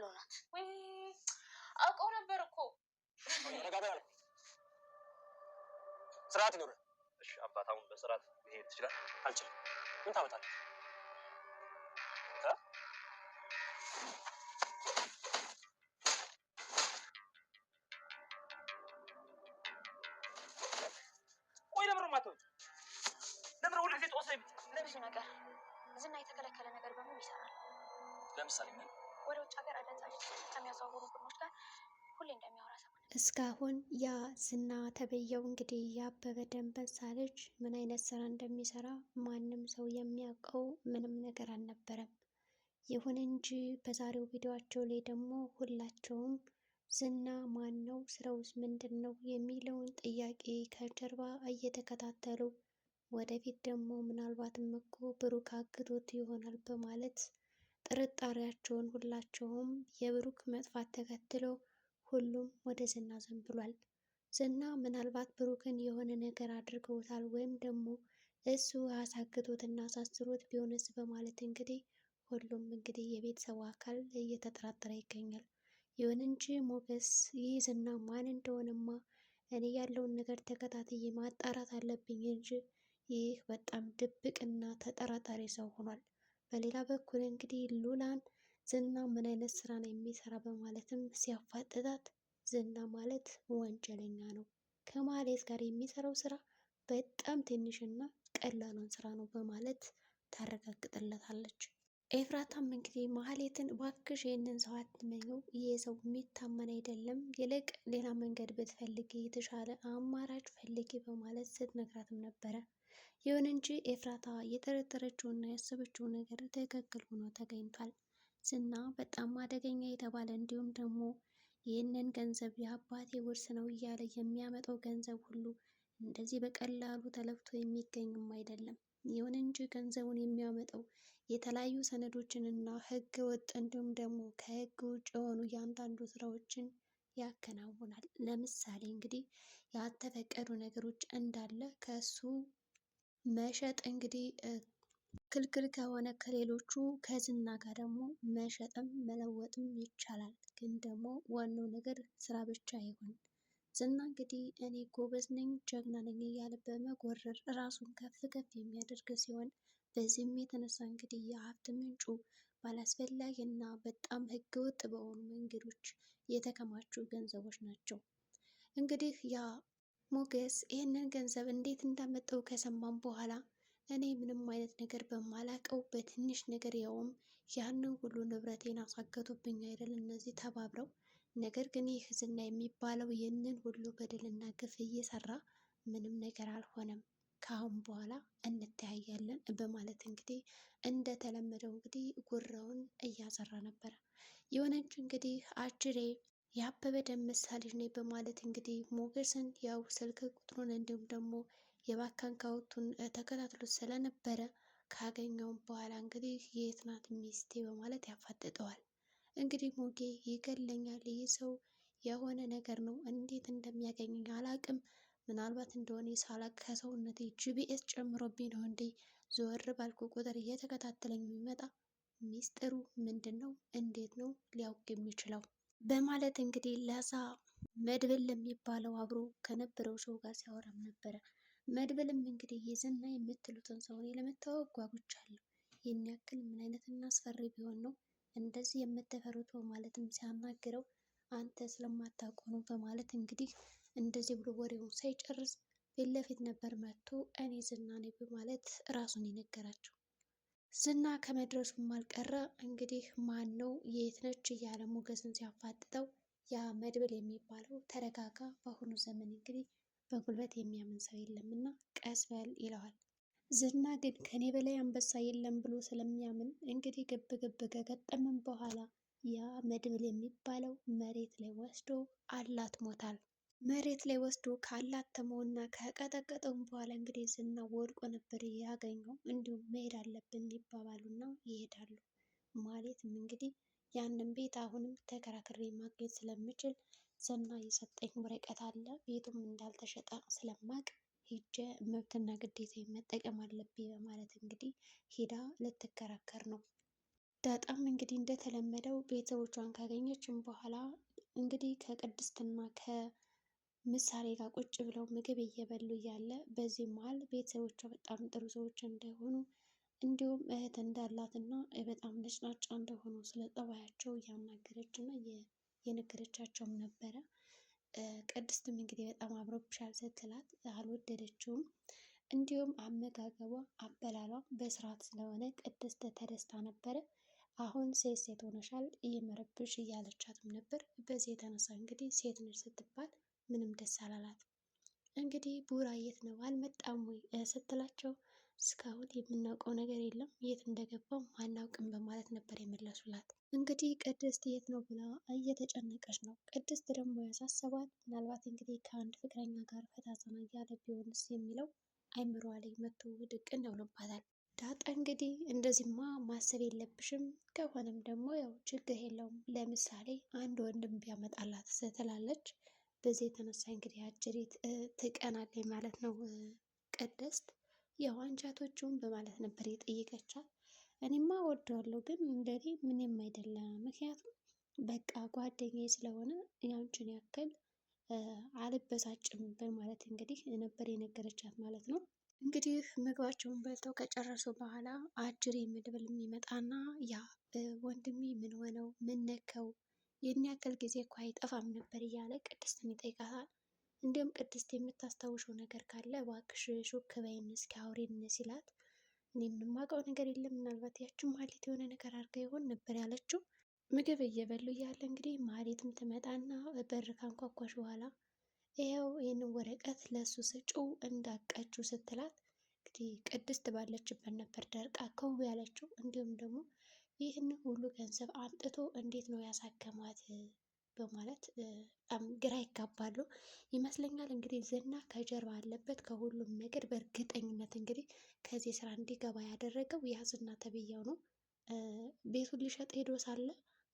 በቅሎ ናት። አውቀው ነበር እኮ ስርዓት ይኖረ። እሺ አባት፣ አሁን በስርዓት መሄድ ትችላል። አልችልም። ምን ቆይ ለምሮ ማተው ለምሮ ሁሉ ጊዜ ጦሰ ለብዙ ነገር ዝና የተከለከለ ነገር በሙሉ ይሰራል። ለምሳሌ ምን ወደ ውጭ ሀገር አደንዛዥ ከሚያዘዋውሩ ቡድኖች ጋር ሁሌ እንደሚያወራ ሰው እስካሁን ያ ዝና ተበየው እንግዲህ ያበበ ደንበሳ ልጅ ምን አይነት ስራ እንደሚሰራ ማንም ሰው የሚያውቀው ምንም ነገር አልነበረም። ይሁን እንጂ በዛሬው ቪዲዮአቸው ላይ ደግሞ ሁላቸውም ዝና ማን ነው፣ ስራውስ ምንድን ነው የሚለውን ጥያቄ ከጀርባ እየተከታተሉ ወደፊት ደግሞ ምናልባትም እኮ ብሩክ አግዶት ይሆናል በማለት ጥርጣሬያቸውን ሁላቸውም የብሩክ መጥፋት ተከትለው ሁሉም ወደ ዝና ዘንብሏል። ዝና ምናልባት ብሩክን የሆነ ነገር አድርገውታል ወይም ደግሞ እሱ አሳግቶት እና አሳስሮት ቢሆንስ በማለት እንግዲህ ሁሉም እንግዲህ የቤተሰቡ አካል እየተጠራጠረ ይገኛል። ይሁን እንጂ ሞገስ ይህ ዝና ማን እንደሆነማ እኔ ያለውን ነገር ተከታትዬ ማጣራት አለብኝ እንጂ ይህ በጣም ድብቅ እና ተጠራጣሪ ሰው ሆኗል። በሌላ በኩል እንግዲህ ሉላን ዝና ምን አይነት ስራ ነው የሚሰራ በማለትም ሲያፋጥጣት ዝና ማለት ወንጀለኛ ነው፣ ከማህሌት ጋር የሚሰራው ስራ በጣም ትንሽ እና ቀላሉን ስራ ነው በማለት ታረጋግጥለታለች። ኤፍራታም እንግዲህ ማህሌትን ባክሽ ይህንን ሰው አትመኘው፣ ይህ ሰው የሚታመን አይደለም፣ ይልቅ ሌላ መንገድ ብትፈልጊ የተሻለ አማራጭ ፈልጊ በማለት ስትነግራትም ነበረ። ይሁን እንጂ ኤፍራታ የጠረጠረችውና ያሰበችው ነገር ትክክል ሆኖ ተገኝቷል። ዝና በጣም አደገኛ የተባለ እንዲሁም ደግሞ ይህንን ገንዘብ የአባቴ ውርስ ነው እያለ የሚያመጣው ገንዘብ ሁሉ እንደዚህ በቀላሉ ተለፍቶ የሚገኝም አይደለም። ይሁን እንጂ ገንዘቡን የሚያመጣው የተለያዩ ሰነዶችን እና ሕገ ወጥ እንዲሁም ደግሞ ከሕግ ውጭ የሆኑ እያንዳንዱ ስራዎችን ያከናውናል። ለምሳሌ እንግዲህ ያልተፈቀዱ ነገሮች እንዳለ ከእሱ መሸጥ እንግዲህ ክልክል ከሆነ ከሌሎቹ ከዝና ጋር ደግሞ መሸጥም መለወጥም ይቻላል። ግን ደግሞ ዋናው ነገር ስራ ብቻ ይሁን። ዝና እንግዲህ እኔ ጎበዝ ነኝ፣ ጀግና ነኝ እያለ በመጎረር ራሱን ከፍ ከፍ የሚያደርግ ሲሆን በዚህም የተነሳ እንግዲህ የሀብት ምንጩ ባላስፈላጊ እና በጣም ህገወጥ በሆኑ መንገዶች የተከማቹ ገንዘቦች ናቸው። እንግዲህ ያ ሞገስ ይህንን ገንዘብ እንዴት እንዳመጣው ከሰማም በኋላ እኔ ምንም አይነት ነገር በማላቀው በትንሽ ነገር ያውም ያንን ሁሉ ንብረቴን አሳገቱብኝ አይደል እነዚህ ተባብረው። ነገር ግን ይህ ዝና የሚባለው ይህንን ሁሉ በደልና ግፍ እየሰራ ምንም ነገር አልሆነም፣ ከአሁን በኋላ እንተያያለን በማለት እንግዲህ እንደተለመደው እንግዲህ ጉራውን እያሰራ ነበረ። የሆነች እንግዲህ አጅሬ የአበበ ደም ልጅ ነኝ በማለት እንግዲህ ሞገስን ያው ስልክ ቁጥሩን እንዲሁም ደግሞ የባካን ካውቱን ተከታትሎት ስለነበረ ካገኘውም በኋላ እንግዲህ የት ናት ሚስቴ በማለት ያፋጥጠዋል። እንግዲህ ሞጌ ይገለኛል፣ ይህ ሰው የሆነ ነገር ነው፣ እንዴት እንደሚያገኘኝ አላቅም። ምናልባት እንደሆነ ሳላቅ ከሰውነት ጂቢኤስ ጨምሮብኝ ነው እንዴ ዞር ባልኩ ቁጥር እየተከታተለኝ የሚመጣ ሚስጥሩ ምንድን ነው? እንዴት ነው ሊያውቅ የሚችለው? በማለት እንግዲህ ለሳ መድብል የሚባለው አብሮ ከነበረው ሰው ጋር ሲያወራም ነበረ። መድብልም እንግዲህ የዝና የምትሉትን ሰው እኔ ለመታወቅ ጓጉቻለሁ። ይህን ያክል ምን አይነት እና አስፈሪ ቢሆን ነው እንደዚህ የምትፈሩት? በማለትም ሲያናግረው አንተ ስለማታውቀው ነው በማለት እንግዲህ እንደዚህ ብሎ ወሬውን ሳይጨርስ ፊት ለፊት ነበር መጥቶ እኔ ዝና ነኝ በማለት ራሱን የነገራቸው። ዝና ከመድረሱም አልቀረ እንግዲህ ማን ነው የት ነች እያለ ሞገስን ሲያፋጥጠው ያ መድብል የሚባለው ተረጋጋ፣ በአሁኑ ዘመን እንግዲህ በጉልበት የሚያምን ሰው የለም እና ቀስ በል ይለዋል። ዝና ግን ከኔ በላይ አንበሳ የለም ብሎ ስለሚያምን እንግዲህ ግብ ግብ ከገጠመን በኋላ ያ መድብል የሚባለው መሬት ላይ ወስዶ አላትሞታል። መሬት ላይ ወስዶ ካላተመው እና ከቀጠቀጠውም በኋላ እንግዲህ ዝና ወድቆ ነበር ያገኘው። እንዲሁም መሄድ አለብን ይባባሉ እና ይሄዳሉ። ማለትም እንግዲህ ያንን ቤት አሁንም ተከራክሬ ማግኘት ስለምችል ዝና የሰጠኝ ወረቀት አለ፣ ቤቱም እንዳልተሸጠ ስለማቅ ሄጄ መብትና ግዴታ መጠቀም አለብኝ በማለት እንግዲህ ሄዳ ልትከራከር ነው። ዳጣም እንግዲህ እንደተለመደው ቤተሰቦቿን ካገኘችም በኋላ እንግዲህ ከቅድስትና ከ ምሳሌ ጋር ቁጭ ብለው ምግብ እየበሉ እያለ በዚህ መሀል ቤተሰቦቿ በጣም ጥሩ ሰዎች እንደሆኑ እንዲሁም እህት እንዳላት እና በጣም ነጭናጫ እንደሆኑ ስለ ጠባያቸው እያናገረች እና የነገረቻቸውም ነበረ። ቅድስትም እንግዲህ በጣም አምሮብሻል ስትላት አልወደደችውም። እንዲሁም አመጋገቧ፣ አበላሏ በስርዓት ስለሆነ ቅድስት ተደስታ ነበረ። አሁን ሴት ሴት ሆነሻል ይመረብሽ እያለቻትም ነበር። በዚህ የተነሳ እንግዲህ ሴት ነች ስትባል ምንም ደስ አላላት። እንግዲህ ቡራ የት ነው አልመጣም ወይ ስትላቸው እስካሁን የምናውቀው ነገር የለም የት እንደገባው አናውቅም በማለት ነበር የመለሱላት። እንግዲህ ቅድስት የት ነው ብላ እየተጨነቀች ነው። ቅድስት ደግሞ ያሳሰባት ምናልባት እንግዲህ ከአንድ ፍቅረኛ ጋር ፈታተና እያለ ቢሆንስ የሚለው አይምሯ ላይ መቶ ድቅን ብሎባታል። ዳጣ እንግዲህ እንደዚህማ ማሰብ የለብሽም ከሆነም ደግሞ ያው ችግር የለውም ለምሳሌ አንድ ወንድም ቢያመጣላት ስትላለች። በዚህ የተነሳ እንግዲህ አጅሪት ትቀናለች ማለት ነው። ቅድስት ያው በማለት ነበር የጠየቀቻት። እኔማ እወደዋለሁ ግን እንደኔ ምንም አይደለም፣ ምክንያቱም በቃ ጓደኛዬ ስለሆነ ያንቺን ያክል አልበሳጭም በማለት እንግዲህ ነበር የነገረቻት ማለት ነው። እንግዲህ ምግባቸውን በልተው ከጨረሱ በኋላ አጅሬ መድብል የሚመጣና ያ ወንድሜ ምን ሆነው ምን ይህን ያክል ጊዜ እኮ አይጠፋም ነበር እያለ ቅድስትን ይጠይቃታል። እንዲሁም ቅድስት የምታስታውሸው ነገር ካለ እባክሽ ሹክ በይን እስኪ አውሪን ሲላት እኔ የምማውቀው ነገር የለም ምናልባት ያችን ማህሌት የሆነ ነገር አድርጋ ይሆን ነበር ያለችው። ምግብ እየበሉ እያለ እንግዲህ ማህሌትም ትመጣና በር ካንኳኳሽ በኋላ ይኸው ይህን ወረቀት ለእሱ ስጪው እንዳቀችው ስትላት እንግዲህ ቅድስት ባለችበት ነበር ደርቃ ከው ያለችው። እንዲሁም ደግሞ ይህን ሁሉ ገንዘብ አምጥቶ እንዴት ነው ያሳከማት በማለት በጣም ግራ ይጋባሉ ይመስለኛል። እንግዲህ ዝና ከጀርባ አለበት ከሁሉም ነገር በእርግጠኝነት እንግዲህ ከዚህ ስራ እንዲገባ ያደረገው ያ ዝና ተብያው ነው። ቤቱን ሊሸጥ ሄዶ ሳለ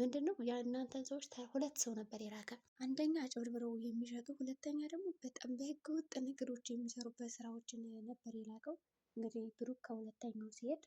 ምንድን ነው የእናንተን ሰዎች ሁለት ሰው ነበር የላከ። አንደኛ አጭበርብረው የሚሸጡ፣ ሁለተኛ ደግሞ በጣም በህገ ወጥ ንግዶች የሚሰሩበት ስራዎችን ነበር የላከው። እንግዲህ ብሩክ ከሁለተኛው ሲሄድ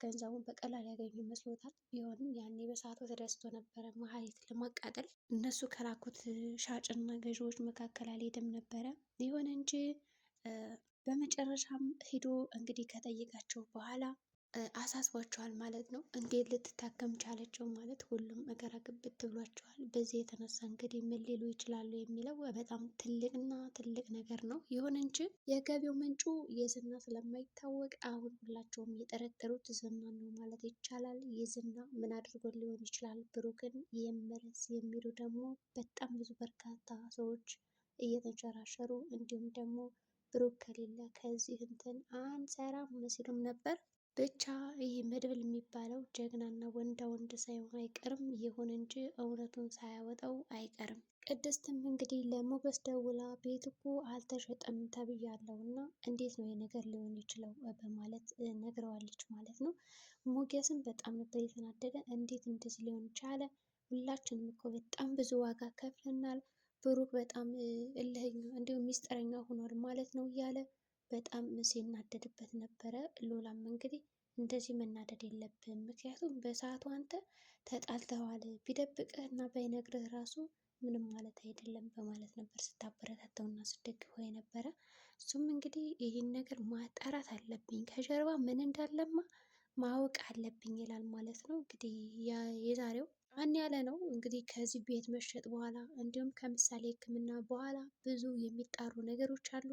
ገንዘቡን በቀላል ያገኙ ይመስሎታል። ቢሆንም ያኔ በሰዓቱ ተደስቶ ነበረ መሀሌት ለማቃጠል። እነሱ ከላኩት ሻጭና ገዢዎች መካከል አልሄደም ነበረ። ይሁን እንጂ በመጨረሻም ሄዶ እንግዲህ ከጠየቃቸው በኋላ አሳስቧቸዋል ማለት ነው። እንዴት ልትታከም ቻለችው ማለት ሁሉም ነገር ግብት ብሏቸዋል። በዚህ የተነሳ እንግዲህ ምን ሊሉ ይችላሉ የሚለው በጣም ትልቅና ትልቅ ነገር ነው። ይሁን እንጂ የገቢው ምንጩ የዝና ስለማይታወቅ አሁን ሁላቸውም የጠረጠሩት ዝና ነው ማለት ይቻላል። የዝና ምን አድርጎ ሊሆን ይችላል ብሩክን የመለስ የሚሉ ደግሞ በጣም ብዙ በርካታ ሰዎች እየተንሸራሸሩ እንዲሁም ደግሞ ብሩክ ከሌለ ከዚህ እንትን አንሰራም ሲሉም ነበር። ብቻ ይህ መድብል የሚባለው ጀግናና ወንዳ ወንድ ሳይሆን አይቀርም። ይሁን እንጂ እውነቱን ሳያወጣው አይቀርም። ቅድስትም እንግዲህ ለሞገስ ደውላ ቤት እኮ አልተሸጠም ተብያለሁ እና እንዴት ነው የነገር ሊሆን ይችለው በማለት ነግረዋለች ማለት ነው። ሞገስም በጣም ነበር የተናደደ። እንዴት እንደዚህ ሊሆን ቻለ? ሁላችንም እኮ በጣም ብዙ ዋጋ ከፍለናል። ብሩክ በጣም እልህኛ እንዲሁም ሚስጥረኛ ሆኗል ማለት ነው እያለ በጣም ሲናደድበት ነበረ። ሎላም እንግዲህ እንደዚህ መናደድ የለብህም ምክንያቱም በሰዓቱ አንተ ተጣልተዋል ቢደብቅህ እና ባይነግርህ ራሱ ምንም ማለት አይደለም በማለት ነበር ስታበረታተው እና ስደግፈው የነበረ። እሱም እንግዲህ ይህን ነገር ማጣራት አለብኝ ከጀርባ ምን እንዳለማ ማወቅ አለብኝ ይላል ማለት ነው። እንግዲህ የዛሬው አን ያለ ነው እንግዲህ ከዚህ ቤት መሸጥ በኋላ እንዲሁም ከምሳሌ ሕክምና በኋላ ብዙ የሚጣሩ ነገሮች አሉ።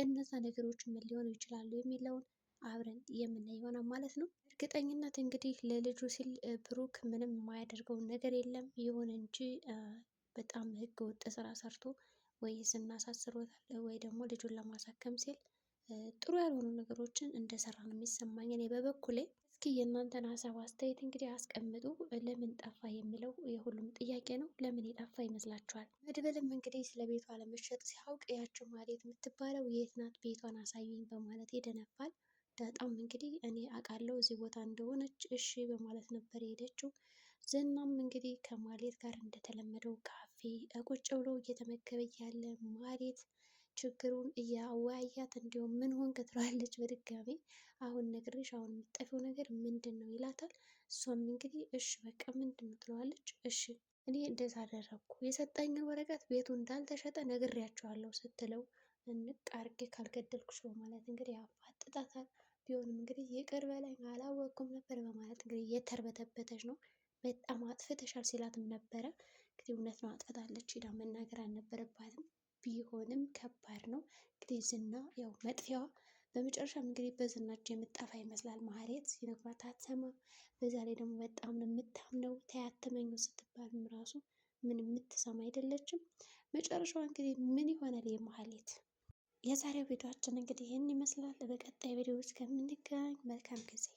እነዛ ነገሮች ምን ሊሆኑ ይችላሉ የሚለውን አብረን የምናይ ይሆናል ማለት ነው። እርግጠኝነት እንግዲህ ለልጁ ሲል ብሩክ ምንም የማያደርገውን ነገር የለም። ይሁን እንጂ በጣም ህገ ወጥ ስራ ሰርቶ ወይ ዝና ወይ ደግሞ ልጁን ለማሳከም ሲል ጥሩ ያልሆኑ ነገሮችን እንደሰራ ነው የሚሰማኝ እኔ በበኩሌ እስኪ የእናንተን ሀሳብ አስተያየት እንግዲህ አስቀምጡ። ለምን ጠፋ የሚለው የሁሉም ጥያቄ ነው። ለምን የጠፋ ይመስላችኋል? መድብልም እንግዲህ ስለ ቤቷ ለመሸጥ ሲያውቅ ያቸው ማሌት የምትባለው የት ናት ቤቷን አሳየኝ በማለት ይደነፋል። ዳጣም እንግዲህ እኔ አውቃለሁ እዚህ ቦታ እንደሆነች እሺ በማለት ነበር የሄደችው። ዝናም እንግዲህ ከማሌት ጋር እንደተለመደው ካፌ ቁጭ ብሎ እየተመገበ ያለ ማሌት ችግሩን እያወያያት እንዲሁም ምን ሆንክ ትለዋለች በድጋሚ አሁን ነግሬሽ አሁን የምጠፊው ነገር ምንድን ነው ይላታል። እሷም እንግዲህ እሺ በቃ ምንድን ነው ትለዋለች። እሺ እኔ እንደዛ አደረግኩ የሰጠኝን ወረቀት ቤቱ እንዳልተሸጠ ነግሬያቸዋለሁ ስትለው እንቅ አርጌ ካልገደልኩሽ በማለት እንግዲህ አፋጥጣታል። ቢሆንም እንግዲህ ይቅር በላይ አላወቅኩም ነበር በማለት እንግዲህ እየተርበተበተች ነው። በጣም አጥፍተሻል ሲላትም ነበረ። እንግዲህ እውነት ነው አጥፍታለች፣ ሄዳ መናገር አልነበረባትም። ቢሆንም ከባድ ነው። እንግዲህ ዝና ያው መጥፊያዋ በመጨረሻም እንግዲህ በዝናቸው የምጠፋ ይመስላል። ማህሌት ሲነግሯት አትሰማም። በዛ ላይ ደግሞ በጣም ነው የምታምነው። ተያተመኙ ስትባልም ራሱ ምን የምትሰማ አይደለችም። መጨረሻዋ እንግዲህ ምን ይሆናል የማህሌት? የዛሬው ቪዲዮችን እንግዲህ ይህን ይመስላል። በቀጣይ ቪዲዮዎች ከምንገናኝ መልካም ጊዜ